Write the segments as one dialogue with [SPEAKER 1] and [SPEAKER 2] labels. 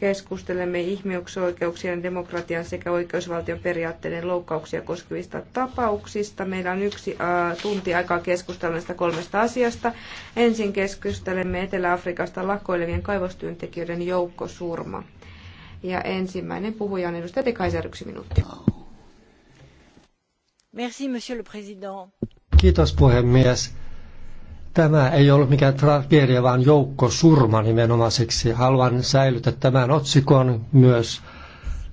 [SPEAKER 1] keskustelemme ihmisoikeuksien, demokratian sekä oikeusvaltion periaatteiden loukkauksia koskevista tapauksista. Meillä on yksi ä, äh, tunti aikaa keskustella näistä kolmesta asiasta. Ensin keskustelemme Etelä-Afrikasta lakkoilevien kaivostyöntekijöiden joukkosurma. Ja ensimmäinen puhuja on edustaja Tekaiser, yksi minuutti.
[SPEAKER 2] Merci, monsieur le président. Kiitos puhemies. Tämä ei ollut mikään tragedia, vaan joukko surma nimenomaiseksi. Haluan säilyttää tämän otsikon myös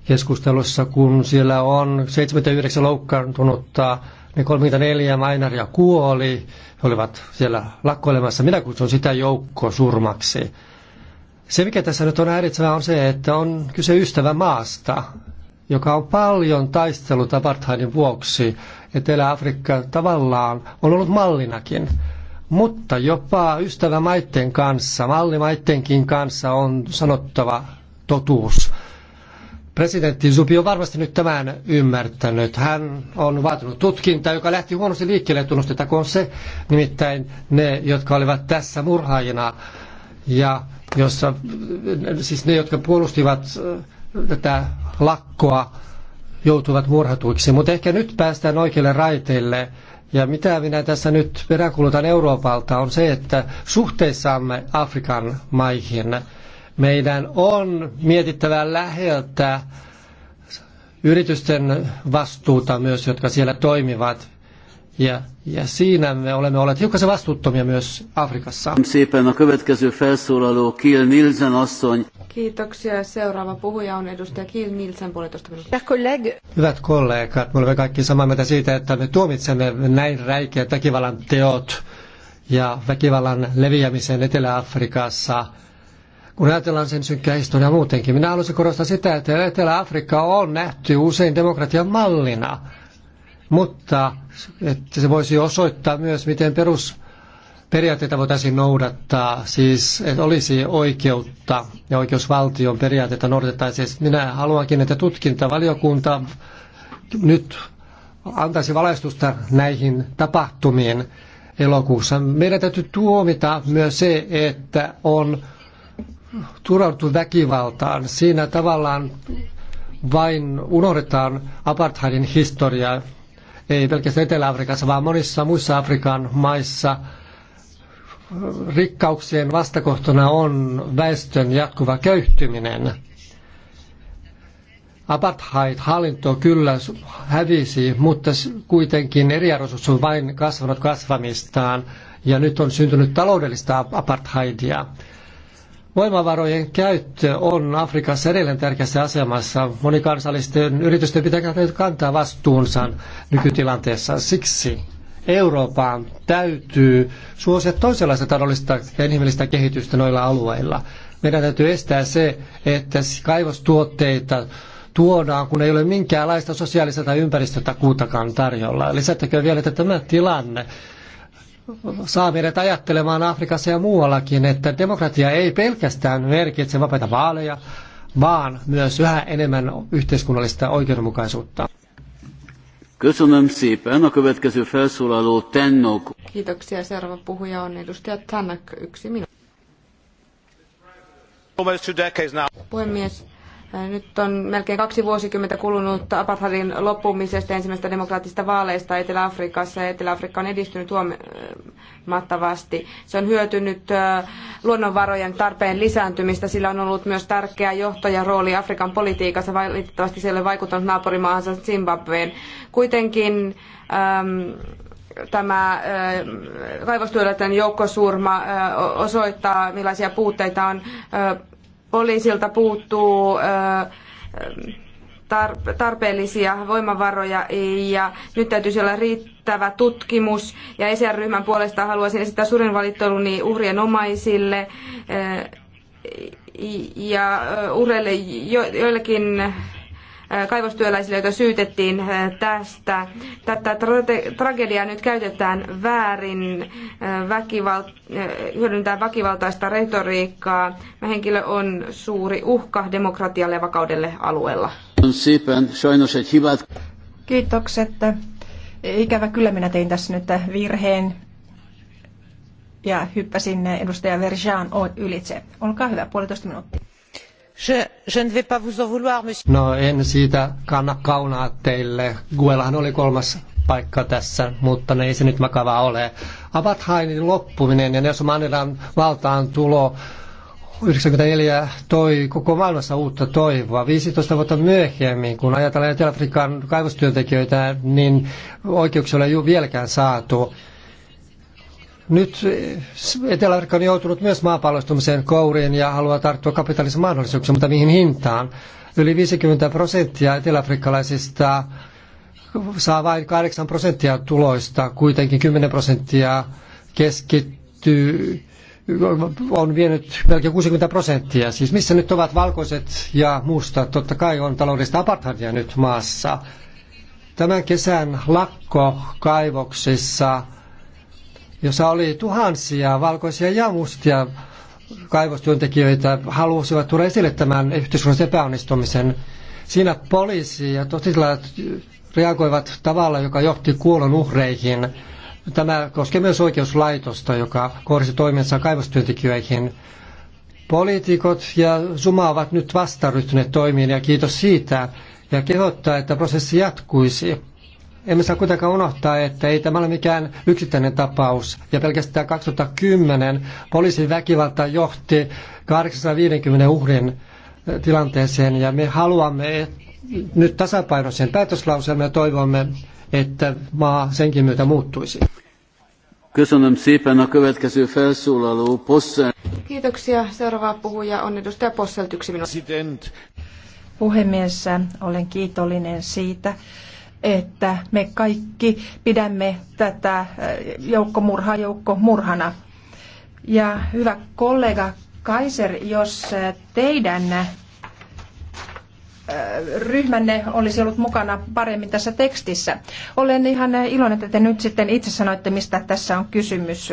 [SPEAKER 2] keskustelussa, kun siellä on 79 loukkaantunutta, ne 34 mainaria kuoli, he olivat siellä lakkoilemassa. Minä kutsun sitä joukko surmaksi. Se, mikä tässä nyt on häiritsevää, on se, että on kyse ystävä maasta, joka on paljon taistellut apartheidin vuoksi. Etelä-Afrikka tavallaan on ollut mallinakin mutta jopa ystävämaitten kanssa, mallimaittenkin kanssa on sanottava totuus. Presidentti Zubi on varmasti nyt tämän ymmärtänyt. Hän on vaatinut tutkintaa, joka lähti huonosti liikkeelle, tunnustetakoon se, nimittäin ne, jotka olivat tässä murhaajina, ja jossa, siis ne, jotka puolustivat äh, tätä lakkoa, joutuvat murhatuiksi. Mutta ehkä nyt päästään oikeille raiteille ja mitä minä tässä nyt peräkulutan Euroopalta on se, että suhteissamme Afrikan maihin meidän on mietittävä läheltä yritysten vastuuta myös, jotka siellä toimivat. Ja, ja siinä me olemme olleet hiukkasen vastuuttomia myös Afrikassa.
[SPEAKER 1] Kiitoksia. Seuraava puhuja on edustaja Kiel Nilsen puolitoista minuuttia.
[SPEAKER 2] Hyvät kollegat, me olemme kaikki samaa mieltä siitä, että me tuomitsemme näin räikeät väkivallan teot ja väkivallan leviämisen Etelä-Afrikassa kun ajatellaan sen synkkää historiaa muutenkin. Minä haluaisin korostaa sitä, että Etelä-Afrikka on nähty usein demokratian mallina mutta että se voisi osoittaa myös, miten perusperiaatteita voitaisiin noudattaa, siis että olisi oikeutta ja oikeusvaltion periaatteita noudatettaisiin. Minä haluankin, että tutkintavaliokunta nyt antaisi valaistusta näihin tapahtumiin elokuussa. Meidän täytyy tuomita myös se, että on turvattu väkivaltaan. Siinä tavallaan vain unohdetaan apartheidin historiaa ei pelkästään Etelä-Afrikassa, vaan monissa muissa Afrikan maissa rikkauksien vastakohtana on väestön jatkuva köyhtyminen. Apartheid-hallinto kyllä hävisi, mutta kuitenkin eriarvoisuus on vain kasvanut kasvamistaan ja nyt on syntynyt taloudellista apartheidia. Voimavarojen käyttö on Afrikassa edelleen tärkeässä asemassa. Monikansallisten yritysten pitää kantaa vastuunsa nykytilanteessa. Siksi Euroopan täytyy suosia toisenlaista taloudellista ja inhimillistä kehitystä noilla alueilla. Meidän täytyy estää se, että kaivostuotteita tuodaan, kun ei ole minkäänlaista sosiaalista tai ympäristötakuutakaan tarjolla. Lisättäkö vielä, että tämä tilanne saa meidät ajattelemaan Afrikassa ja muuallakin, että demokratia ei pelkästään merkitse vapaita vaaleja, vaan myös yhä enemmän yhteiskunnallista oikeudenmukaisuutta.
[SPEAKER 1] Kiitoksia. Seuraava puhuja on edustaja Tannak. Yksi minuutti. Puhemies, nyt on melkein kaksi vuosikymmentä kulunut apartheidin loppumisesta ensimmäisestä demokraattisista vaaleista Etelä-Afrikassa ja Etelä-Afrikka on edistynyt huomattavasti. Se on hyötynyt luonnonvarojen tarpeen lisääntymistä, sillä on ollut myös tärkeä johtajarooli Afrikan politiikassa. Valitettavasti se ei ole vaikuttanut naapurimaahansa Zimbabween. Kuitenkin äm, tämä kaivostyöläisten joukkosurma osoittaa, millaisia puutteita on poliisilta puuttuu tarpeellisia voimavaroja ja nyt täytyisi olla riittävä tutkimus. Ja ESR-ryhmän puolesta haluaisin esittää suuren valitteluni uhrien omaisille ja uhreille joillekin kaivostyöläisille, joita syytettiin tästä. Tätä tragediaa nyt käytetään väärin, väkival- hyödyntää väkivaltaista retoriikkaa. Henkilö on suuri
[SPEAKER 3] uhka demokratialle ja vakaudelle alueella. Kiitokset. Ikävä kyllä minä tein tässä nyt virheen ja hyppäsin edustaja Verjaan ylitse. Olkaa hyvä, puolitoista minuuttia.
[SPEAKER 2] No en siitä kanna kaunaa teille. Guellahan oli kolmas paikka tässä, mutta ne ei se nyt vakavaa ole. Apartheidin loppuminen ja Nelson Mandelan valtaan tulo 94 toi koko maailmassa uutta toivoa. 15 vuotta myöhemmin, kun ajatellaan Etelä-Afrikan kaivostyöntekijöitä, niin oikeuksia ei ole vieläkään saatu. Nyt eh, etelä on joutunut myös maapallostumiseen kouriin ja haluaa tarttua kapitalismin mahdollisuuksiin, mutta mihin hintaan? Yli 50 prosenttia eteläafrikkalaisista saa vain 8 prosenttia tuloista, kuitenkin 10 prosenttia keskittyy on vienyt melkein 60 prosenttia. Siis missä nyt ovat valkoiset ja mustat? Totta kai on taloudellista apartheidia nyt maassa. Tämän kesän lakko kaivoksissa jossa oli tuhansia valkoisia ja mustia kaivostyöntekijöitä, halusivat tuoda esille tämän yhteiskunnan epäonnistumisen. Siinä poliisi ja tosiaan reagoivat tavalla, joka johti kuolon uhreihin. Tämä koskee myös oikeuslaitosta, joka kohdisi toimensa kaivostyöntekijöihin. Poliitikot ja Suma ovat nyt vastaryhtyneet toimiin ja kiitos siitä ja kehottaa, että prosessi jatkuisi emme saa kuitenkaan unohtaa, että ei tämä ole mikään yksittäinen tapaus. Ja pelkästään 2010 poliisin väkivalta johti 850 uhrin eh, tilanteeseen. Ja me haluamme nyt tasapainoisen päätöslauselman ja toivomme, että maa senkin myötä muuttuisi.
[SPEAKER 4] Köszönöm szépen a következő felszólaló Possel.
[SPEAKER 3] Kiitoksia. Seuraava puhuja on edustaja Posselt yksi
[SPEAKER 4] minuutti.
[SPEAKER 3] Puhemies, olen kiitollinen siitä, että me kaikki pidämme tätä äh, joukkomurhaa joukkomurhana. Ja hyvä kollega Kaiser, jos äh, teidän ryhmänne olisi ollut mukana paremmin tässä tekstissä. Olen ihan iloinen, että te nyt sitten itse sanoitte, mistä tässä on kysymys.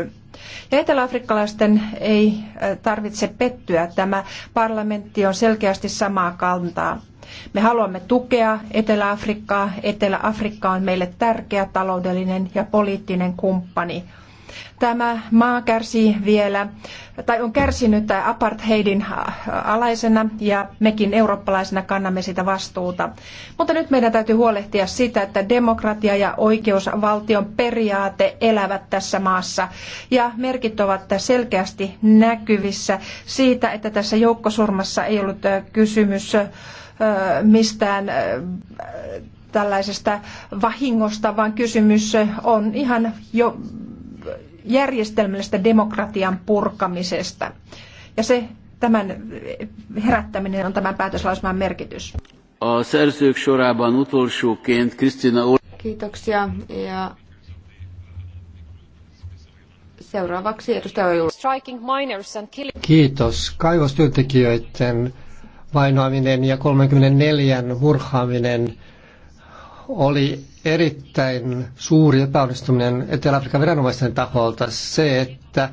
[SPEAKER 3] Ja eteläafrikkalaisten ei äh, tarvitse pettyä. Tämä parlamentti on selkeästi samaa kantaa. Me haluamme tukea Etelä-Afrikkaa. Etelä-Afrikka on meille tärkeä taloudellinen ja poliittinen kumppani. Tämä maa kärsii vielä, tai on kärsinyt apartheidin alaisena ja mekin eurooppalaisena kannamme sitä vastuuta. Mutta nyt meidän täytyy huolehtia sitä, että demokratia ja oikeusvaltion periaate elävät tässä maassa. Ja merkit ovat selkeästi näkyvissä siitä, että tässä joukkosurmassa ei ollut kysymys mistään tällaisesta vahingosta, vaan kysymys on ihan jo järjestelmällistä demokratian purkamisesta. Ja se tämän herättäminen on tämän päätöslausuman merkitys.
[SPEAKER 4] A szerzők sorában utolsóként Kristina
[SPEAKER 1] Kiitoksia. Ja seuraavaksi
[SPEAKER 5] edustaja Oulu.
[SPEAKER 2] Kiitos. Kaivostyöntekijöiden vainoaminen ja 34 murhaaminen oli erittäin suuri epäonnistuminen Etelä-Afrikan viranomaisten taholta se, että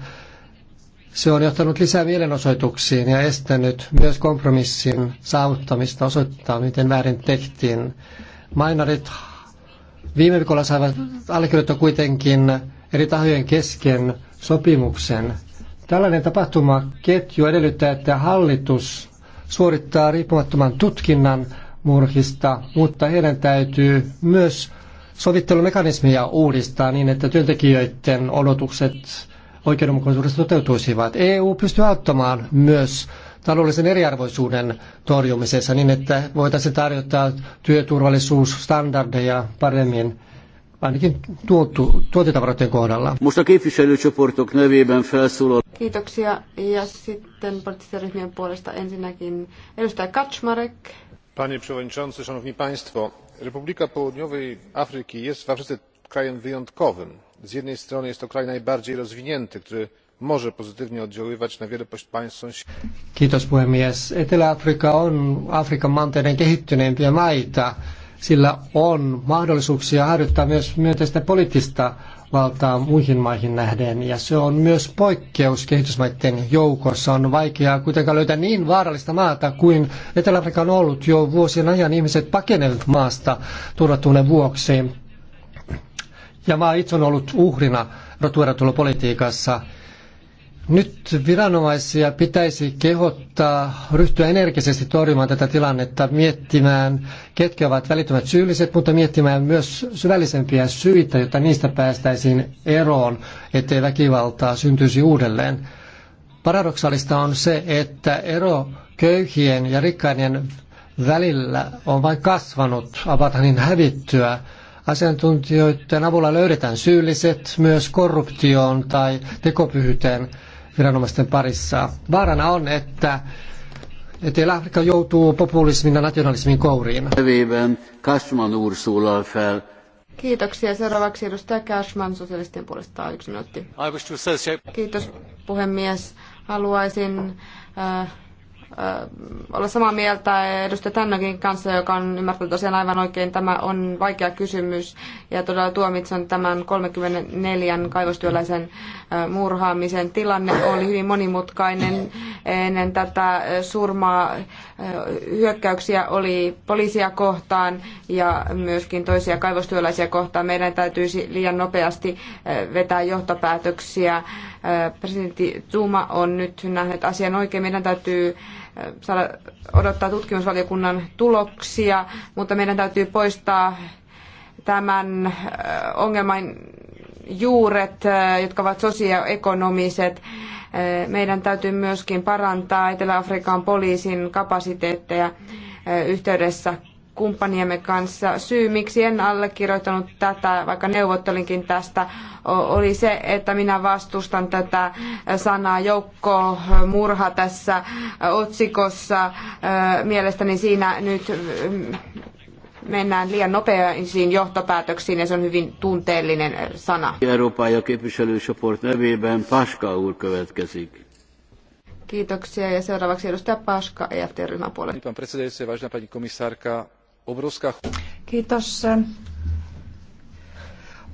[SPEAKER 2] se on johtanut lisää mielenosoituksiin ja estänyt myös kompromissin saavuttamista osoittaa, miten väärin tehtiin. Mainarit viime viikolla saivat allekirjoittaa kuitenkin eri tahojen kesken sopimuksen. Tällainen tapahtumaketju edellyttää, että hallitus suorittaa riippumattoman tutkinnan murhista, mutta heidän täytyy myös sovittelumekanismeja uudistaa niin, että työntekijöiden odotukset oikeudenmukaisuudesta toteutuisivat. EU pystyy auttamaan myös taloudellisen eriarvoisuuden torjumisessa niin, että voitaisiin tarjota työturvallisuusstandardeja paremmin ainakin tuotu, tuotitavaroiden kohdalla.
[SPEAKER 1] Kiitoksia. Ja sitten poliittisten puolesta ensinnäkin edustaja Kaczmarek.
[SPEAKER 4] Panie przewodniczący, szanowni państwo republika południowej afryki jest w afryce krajem wyjątkowym z jednej strony jest to kraj najbardziej rozwinięty który może pozytywnie oddziaływać na wiele państw
[SPEAKER 2] sąsiednich. afrikan sillä on mahdollisuuksia harjoittaa myös myönteistä poliittista valtaa muihin maihin nähden, ja se on myös poikkeus kehitysmaiden joukossa. On vaikeaa kuitenkaan löytää niin vaarallista maata kuin Etelä-Afrikka on ollut jo vuosien ajan ihmiset pakenevat maasta turvattuuden vuoksi. Ja maa itse on ollut uhrina rotueratulopolitiikassa. Nyt viranomaisia pitäisi kehottaa ryhtyä energisesti torjumaan tätä tilannetta, miettimään, ketkä ovat välittömät syylliset, mutta miettimään myös syvällisempiä syitä, jotta niistä päästäisiin eroon, ettei väkivaltaa syntyisi uudelleen. Paradoksaalista on se, että ero köyhien ja rikkaiden välillä on vain kasvanut Abathanin hävittyä. Asiantuntijoiden avulla löydetään syylliset myös korruptioon tai tekopyhyyteen viranomaisten parissa. Vaarana on, että Etelä-Afrikka joutuu populismin ja nationalismin kouriin.
[SPEAKER 1] Kiitoksia. Seuraavaksi edustaja Cashman sosialistien puolesta yksi minuutti. Kiitos puhemies. Haluaisin äh, olla samaa mieltä edustaja Tännakin kanssa, joka on ymmärtänyt tosiaan aivan oikein. Tämä on vaikea kysymys ja todella tuomitsen tämän 34 kaivostyöläisen murhaamisen. Tilanne oli hyvin monimutkainen. Ennen tätä surmaa hyökkäyksiä oli poliisia kohtaan ja myöskin toisia kaivostyöläisiä kohtaan. Meidän täytyisi liian nopeasti vetää johtopäätöksiä. Presidentti Zuma on nyt nähnyt asian oikein. Meidän täytyy saada odottaa tutkimusvaliokunnan tuloksia, mutta meidän täytyy poistaa tämän äh, ongelman juuret, äh, jotka ovat sosioekonomiset. Äh, meidän täytyy myöskin parantaa Etelä-Afrikan poliisin kapasiteetteja yhteydessä kumppaniemme kanssa. Syy, miksi en allekirjoittanut tätä, vaikka neuvottelinkin tästä, oli se, että minä vastustan tätä sanaa Murha tässä otsikossa. Mielestäni siinä nyt mennään liian nopeisiin johtopäätöksiin ja se on hyvin tunteellinen sana.
[SPEAKER 4] Euroopan ja képviselősoport nevében Paska úr
[SPEAKER 1] Kiitoksia ja seuraavaksi edustaja Paska EFT-ryhmän
[SPEAKER 4] puolelle. Pani predsedajúce, vážená pani komisárka, obrovská...
[SPEAKER 3] Kiitos.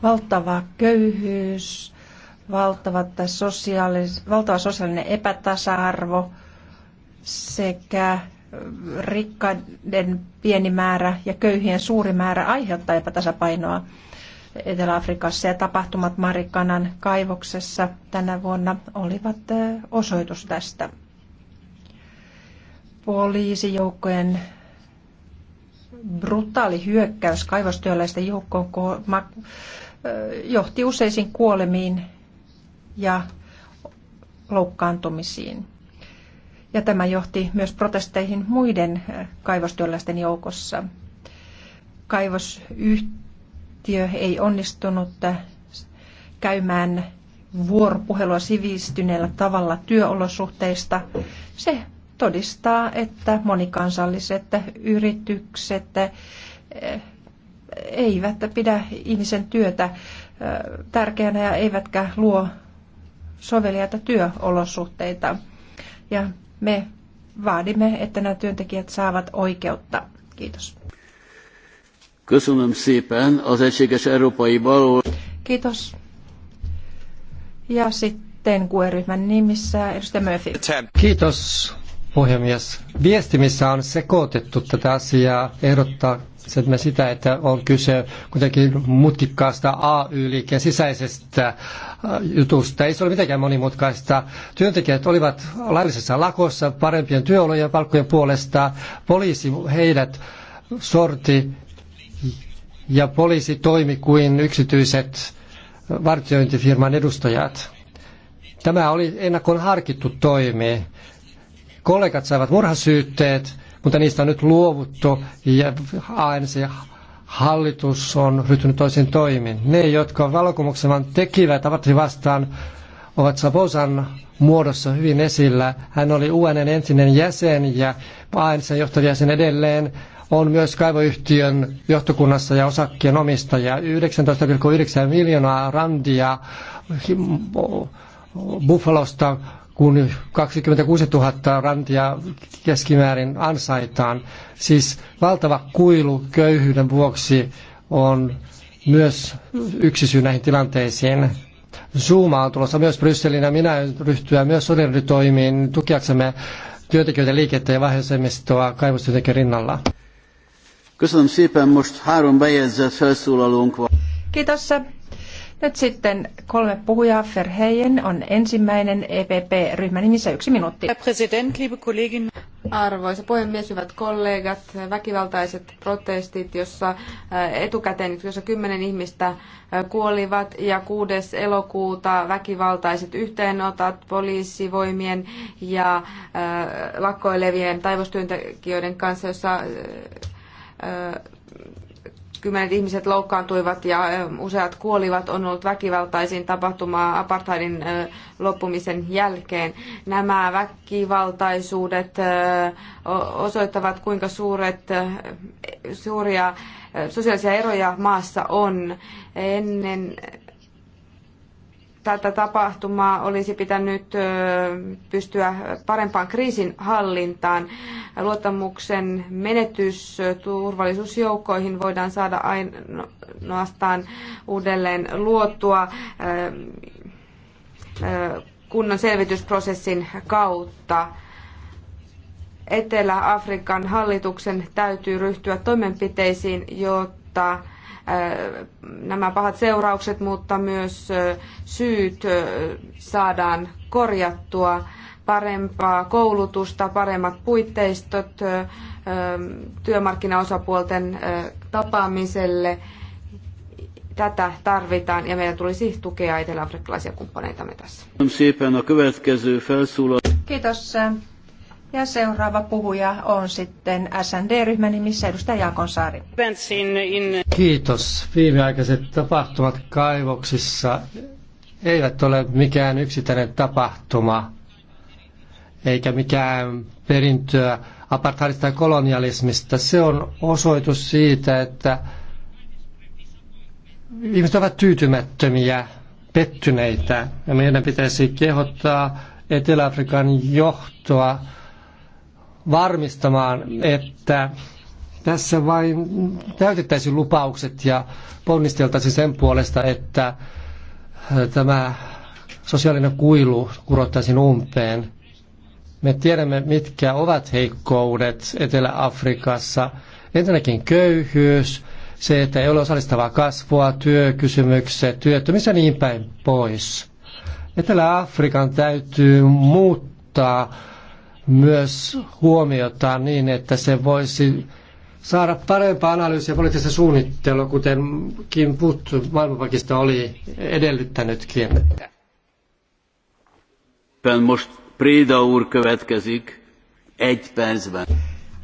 [SPEAKER 3] Valtava köyhyys, sosiaalis, valtava sosiaalinen epätasa-arvo sekä rikkaiden pieni määrä ja köyhien suuri määrä aiheuttaa epätasapainoa Etelä-Afrikassa ja tapahtumat Marikanan kaivoksessa tänä vuonna olivat osoitus tästä poliisijoukkojen brutaali hyökkäys kaivostyöläisten joukkoon johti useisiin kuolemiin ja loukkaantumisiin. Ja tämä johti myös protesteihin muiden kaivostyöläisten joukossa. Kaivosyhtiö ei onnistunut käymään vuoropuhelua sivistyneellä tavalla työolosuhteista. Se todistaa, että monikansalliset yritykset eh, eivät pidä ihmisen työtä eh, tärkeänä ja eivätkä luo soveliaita työolosuhteita. Ja me vaadimme, että nämä työntekijät saavat oikeutta. Kiitos. Kiitos. Ja sitten QE-ryhmän nimissä edustaja Murphy.
[SPEAKER 2] Kiitos puhemies. Viestimissä on sekoitettu tätä asiaa ehdottaa me sitä, että on kyse kuitenkin mutkikkaasta AY-liikkeen sisäisestä äh, jutusta. Ei se ole mitenkään monimutkaista. Työntekijät olivat laillisessa lakossa parempien työolojen ja palkkojen puolesta. Poliisi heidät sorti ja poliisi toimi kuin yksityiset vartiointifirman edustajat. Tämä oli ennakkoon harkittu toimi kollegat saivat murhasyytteet, mutta niistä on nyt luovuttu ja ANC hallitus on ryhtynyt toisiin toimiin. Ne, jotka valokumouksen tekivät abortti vastaan, ovat Sabosan muodossa hyvin esillä. Hän oli UNN entinen jäsen ja ANCn johtojäsen edelleen on myös kaivoyhtiön johtokunnassa ja osakkeen omistaja. 19,9 miljoonaa randia Buffalosta kun 26 000 rantia keskimäärin ansaitaan. Siis valtava kuilu köyhyyden vuoksi on myös yksi syy näihin tilanteisiin. Zuma on tulossa myös Brysseliin ja minä ryhtyä myös solidaritoimiin tukiaksemme työntekijöiden liikettä ja vahvisemmistoa kaivostyöntekijöiden rinnalla.
[SPEAKER 3] Kiitos. Nyt sitten kolme puhujaa. Ferheyen on ensimmäinen EPP-ryhmän nimissä yksi minuutti.
[SPEAKER 1] Arvoisa puhemies, hyvät kollegat, väkivaltaiset protestit, jossa äh, etukäteen, jossa kymmenen ihmistä äh, kuolivat ja 6. elokuuta väkivaltaiset yhteenotat poliisivoimien ja äh, lakkoilevien taivostyöntekijöiden kanssa, jossa kymmenet ihmiset loukkaantuivat ja useat kuolivat, on ollut väkivaltaisin tapahtuma apartheidin loppumisen jälkeen. Nämä väkivaltaisuudet osoittavat, kuinka suuret, suuria sosiaalisia eroja maassa on. Ennen tätä tapahtumaa olisi pitänyt pystyä parempaan kriisin hallintaan. Luottamuksen menetys turvallisuusjoukkoihin voidaan saada ainoastaan uudelleen luotua kunnon selvitysprosessin kautta. Etelä-Afrikan hallituksen täytyy ryhtyä toimenpiteisiin, jotta Äh, nämä pahat seuraukset, mutta myös äh, syyt äh, saadaan korjattua parempaa koulutusta, paremmat puitteistot työmarkkinaosapuolten tapaamiselle. Tätä tarvitaan ja meidän tulisi tukea eteläafrikkalaisia kumppaneitamme tässä.
[SPEAKER 3] Kiitos. Ja seuraava puhuja on sitten SND-ryhmän nimissä edustaja Saari.
[SPEAKER 2] Kiitos. Viimeaikaiset tapahtumat kaivoksissa eivät ole mikään yksittäinen tapahtuma eikä mikään perintöä apartheidista kolonialismista. Se on osoitus siitä, että ihmiset ovat tyytymättömiä, pettyneitä. Ja meidän pitäisi kehottaa Etelä-Afrikan johtoa varmistamaan, että tässä vain täytettäisiin lupaukset ja ponnisteltaisiin sen puolesta, että äh, tämä sosiaalinen kuilu kurottaisiin umpeen. Me tiedämme, mitkä ovat heikkoudet Etelä-Afrikassa. Ensinnäkin köyhyys, se, että ei ole osallistavaa kasvua, työkysymykset, työttömyys ja niin päin pois. Etelä-Afrikan täytyy muuttaa myös huomiota niin, että se voisi saada parempaa analyysiä poliittista suunnittelua, kuten Kim Putt maailmanpankista oli edellyttänytkin.
[SPEAKER 4] Most Prida úr következik, egy percben.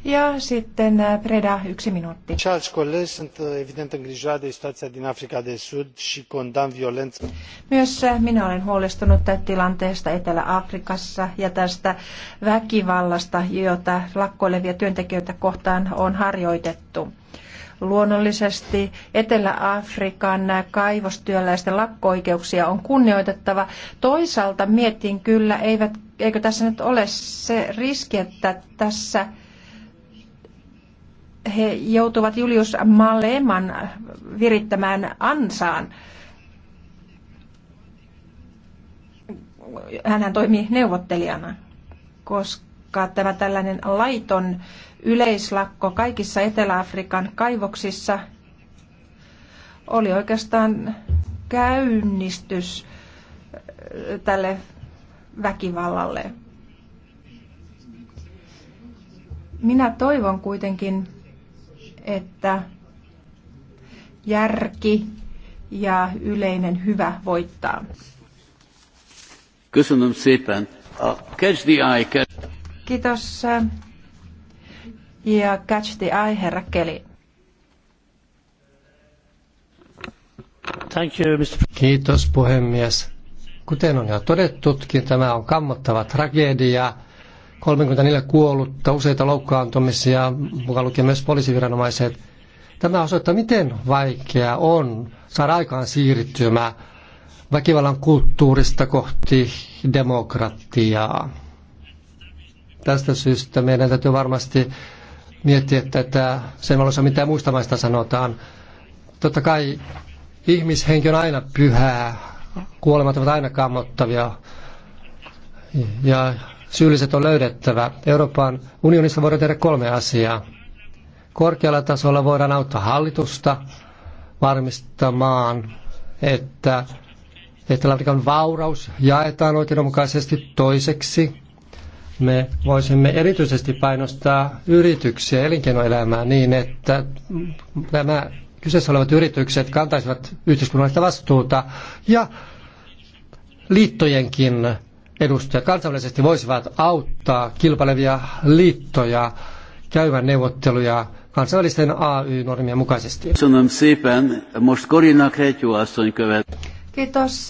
[SPEAKER 3] Ja sitten äh, Preda, yksi minuutti.
[SPEAKER 2] Charles alți sunt uh, evident îngrijorat de situația din Africa de Sud și condamn violența.
[SPEAKER 3] Myös äh, minä olen huolestunut
[SPEAKER 2] tilanteesta
[SPEAKER 3] Etelä-Afrikassa ja tästä väkivallasta, jota lakkoilevia työntekijöitä kohtaan on harjoitettu. Luonnollisesti Etelä-Afrikan kaivostyöläisten lakkoikeuksia on kunnioitettava. Toisaalta mietin kyllä, eivät, eikö tässä nyt ole se riski, että tässä – he joutuvat Julius Maleman virittämään ansaan. Hänhän toimii neuvottelijana, koska tämä tällainen laiton yleislakko kaikissa Etelä-Afrikan kaivoksissa oli oikeastaan käynnistys äh, tälle väkivallalle. Minä toivon kuitenkin, että järki ja yleinen hyvä voittaa. Kiitos. Ja catch the eye, herra Kelly.
[SPEAKER 2] Thank you, Mr. Kiitos puhemies. Kuten on jo todettukin, tämä on kammottava tragedia 34 kuollutta, useita loukkaantumisia, mukaan lukien myös poliisiviranomaiset. Tämä osoittaa, miten vaikea on saada aikaan siirtymä väkivallan kulttuurista kohti demokratiaa. Tästä syystä meidän täytyy varmasti miettiä tätä sen valossa, mitä muista maista sanotaan. Totta kai ihmishenki on aina pyhää, kuolemat ovat aina kammottavia ja Syylliset on löydettävä. Euroopan unionissa voidaan tehdä kolme asiaa. Korkealla tasolla voidaan auttaa hallitusta varmistamaan, että Etelä-Afrikan vauraus jaetaan oikeudenmukaisesti toiseksi. Me voisimme erityisesti painostaa yrityksiä elinkeinoelämää niin, että nämä kyseessä olevat yritykset kantaisivat yhteiskunnallista vastuuta ja liittojenkin edustajat kansainvälisesti voisivat auttaa kilpailevia liittoja käymään neuvotteluja kansainvälisten AY-normien mukaisesti.
[SPEAKER 3] Kiitos.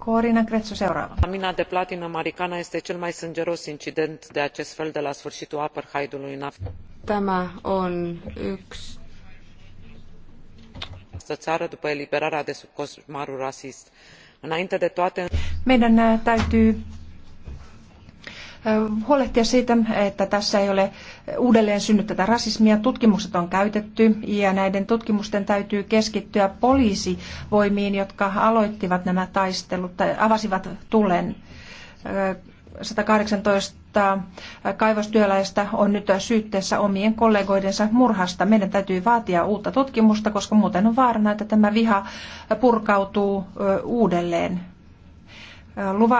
[SPEAKER 3] Corina
[SPEAKER 5] Crețu seuraava. Mina de platină americană este cel mai sângeros incident de acest fel de la sfârșitul apartheidului în Africa.
[SPEAKER 1] Tämä on yksi
[SPEAKER 5] țară după eliberarea de sub coșmarul rasist. Înainte de toate...
[SPEAKER 3] Meidän täytyy huolehtia siitä, että tässä ei ole uudelleen synny tätä rasismia. Tutkimukset on käytetty ja näiden tutkimusten täytyy keskittyä poliisivoimiin, jotka aloittivat nämä taistelut tai avasivat tulen. 118 kaivostyöläistä on nyt syytteessä omien kollegoidensa murhasta. Meidän täytyy vaatia uutta tutkimusta, koska muuten on vaarana, että tämä viha purkautuu uudelleen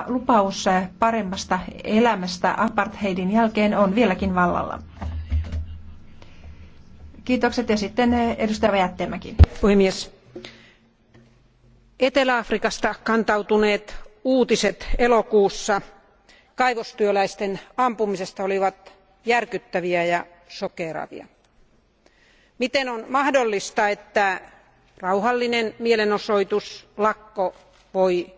[SPEAKER 3] lupaus paremmasta elämästä apartheidin jälkeen on vieläkin vallalla. Kiitokset ja sitten edustaja Jättemäki. Puhemies.
[SPEAKER 5] Etelä-Afrikasta kantautuneet uutiset elokuussa kaivostyöläisten ampumisesta olivat järkyttäviä ja sokeravia. Miten on mahdollista, että rauhallinen mielenosoitus, lakko voi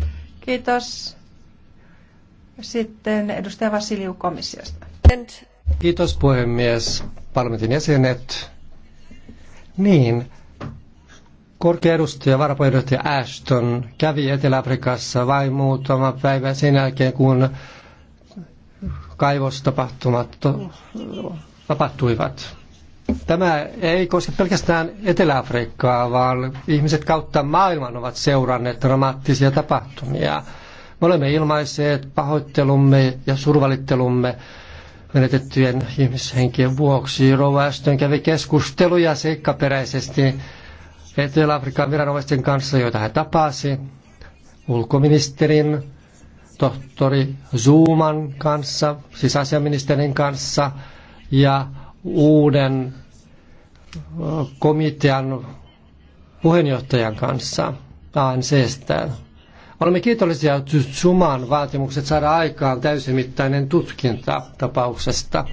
[SPEAKER 3] Kiitos. Sitten edustaja
[SPEAKER 2] Vasiliu komissiosta. Kiitos puhemies, parlamentin jäsenet. Niin, korkea edustaja, varapuheenjohtaja Ashton kävi Etelä-Afrikassa vain muutama päivä sen jälkeen, kun kaivostapahtumat tapahtuivat. Tämä ei koske pelkästään Etelä-Afrikkaa, vaan ihmiset kautta maailman ovat seuranneet dramaattisia tapahtumia. Me olemme ilmaiseet pahoittelumme ja survalittelumme menetettyjen ihmishenkien vuoksi. Rouva Ashton kävi keskusteluja seikkaperäisesti Etelä-Afrikan viranomaisten kanssa, joita hän tapasi, ulkoministerin, tohtori Zuman kanssa, sisäasiaministerin kanssa ja uuden komitean puheenjohtajan kanssa ANCstä. Olemme kiitollisia Suman vaatimukset saada aikaan täysimittainen tutkinta tapauksesta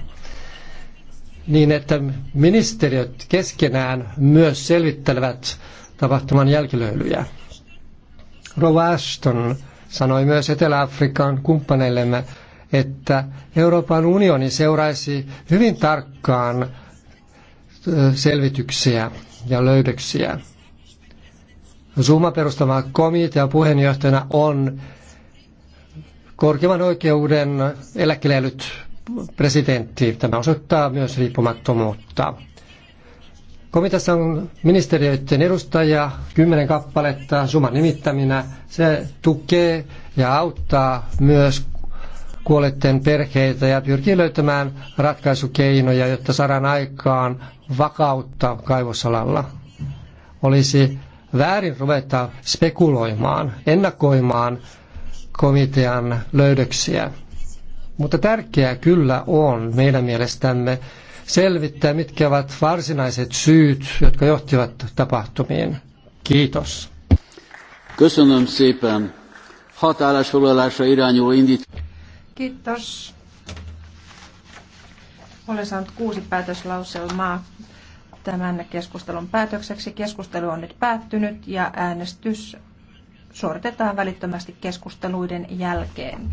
[SPEAKER 2] niin, että ministeriöt keskenään myös selvittelevät tapahtuman jälkilöilyjä. Rova Ashton sanoi myös Etelä-Afrikan kumppaneillemme, että Euroopan unioni seuraisi hyvin tarkkaan selvityksiä ja löydöksiä. Zuma perustama komitea puheenjohtajana on korkeimman oikeuden eläkkeelle presidentti. Tämä osoittaa myös riippumattomuutta. Komiteassa on ministeriöiden edustajia, kymmenen kappaletta, Suman nimittäminä. Se tukee ja auttaa myös kuolleiden perheitä ja pyrkii löytämään ratkaisukeinoja, jotta saadaan aikaan vakautta kaivosalalla. Olisi väärin ruveta spekuloimaan, ennakoimaan komitean löydöksiä. Mutta tärkeää kyllä on meidän mielestämme selvittää, mitkä ovat varsinaiset syyt, jotka johtivat tapahtumiin. Kiitos.
[SPEAKER 4] Köszönöm szépen. Hat irányuló indít.
[SPEAKER 2] Kiitos.
[SPEAKER 3] Olen saanut kuusi päätöslauselmaa tämän keskustelun päätökseksi. Keskustelu on nyt päättynyt ja äänestys suoritetaan välittömästi keskusteluiden jälkeen.